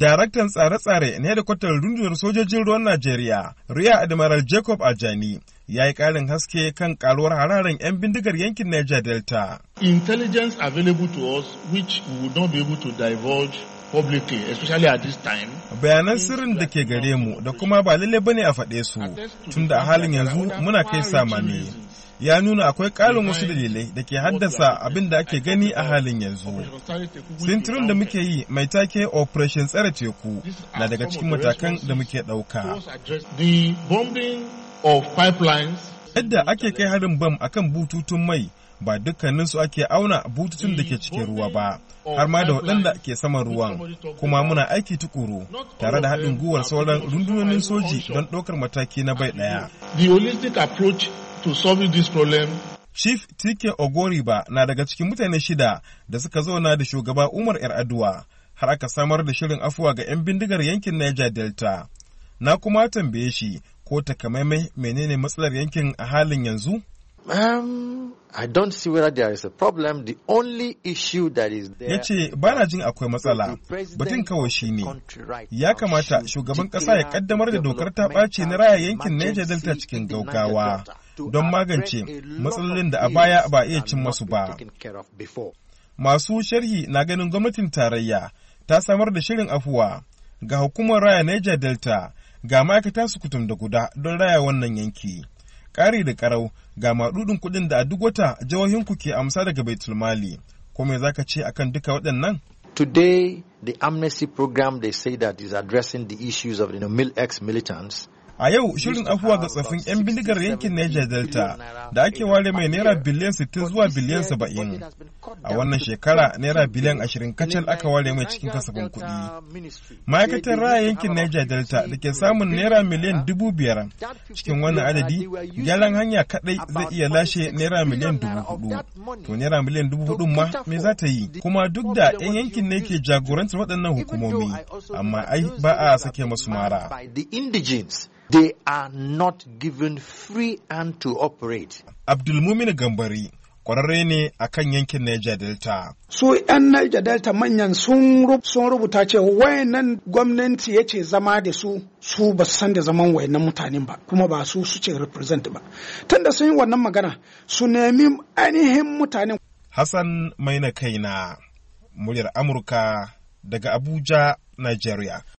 daraktan tsare-tsare ne da kwatar rundunar sojojin ruwan Najeriya, Riya Admiral Jacob Ajani, ya yi ƙarin haske kan karuwar hararen 'yan bindigar yankin Niger Delta. Intelligence available to us which we would not be able to divulge publicly especially at this time bayanan sirrin da ke gare mu da kuma ba lalle ne a faɗe su tunda a halin yanzu muna kai samani. ya nuna akwai ƙarin wasu dalilai da ke haddasa abin da ake gani a halin yanzu. Sintirin da muke yi mai take Operation Tsare Teku na daga cikin matakan da muke ɗauka. Yadda ake kai harin bam akan bututun mai ba dukkaninsu ake auna bututun da ke cikin ruwa ba, har ma da waɗanda ke saman ruwan, kuma muna aiki tukuru tare da haɗin gwiwar sauran rundunonin soji don ɗaukar mataki na bai ɗaya. to solve this problem. Chief Tike Ogoriba na daga cikin mutane shida da suka zauna da shugaba Umar Yar'adua har aka samar da shirin afuwa ga 'yan bindigar yankin Niger Delta. Na kuma tambaye shi ko takamaimai menene matsalar yankin a halin yanzu? Um, I don't see whether there is a problem. The only issue that is there. Yace ba na jin akwai matsala. Batun kawai shi ne. Ya kamata shugaban kasa ya kaddamar da dokar ta ɓace na raya yankin Niger Delta cikin gaugawa. don uh, magance matsalolin da a baya ba iya cin masu ba. Masu sharhi na ganin gwamnatin tarayya ta samar da shirin afuwa ga hukumar raya Niger Delta ga ma'aikata su kutum da guda don raya wannan yanki. Ƙari da ƙarau ga maɗuɗin kuɗin da a duk wata ku ke amsa daga Baitulmali. Ko me za ka ce a kan duka waɗannan? Today, the amnesty program they say that is addressing the issues of the you know, ex militants A yau shirin afuwa ga tsafin 'yan bindigar yankin Niger Delta da ake ware mai naira biliyan 60 zuwa biliyan 70. A wannan shekara naira biliyan 20 kacal aka ware mai cikin kasafin kuɗi. Ma'aikatar raya yankin Niger Delta da ke samun naira miliyan dubu biyar cikin wannan adadi gyaran hanya kaɗai zai iya lashe naira miliyan dubu hudu. To naira miliyan dubu ma me za ta yi? Kuma duk da 'yan yankin ne ke jagorantar waɗannan hukumomi amma ai ba a sake masu mara. They are not given free hand to operate. Abdulmumin Gambari kwararre ne a kan yankin Niger Delta. Su 'yan Niger Delta manyan sun rubuta ce wayannan gwamnati ya ce zama da su su ba su san da zaman wayannan mutanen ba kuma ba su su ce represent ba. Tunda sun yi wannan magana su nemi ainihin mutanen. Hassan Maina Kaina, muryar Amurka daga Abuja, Nigeria.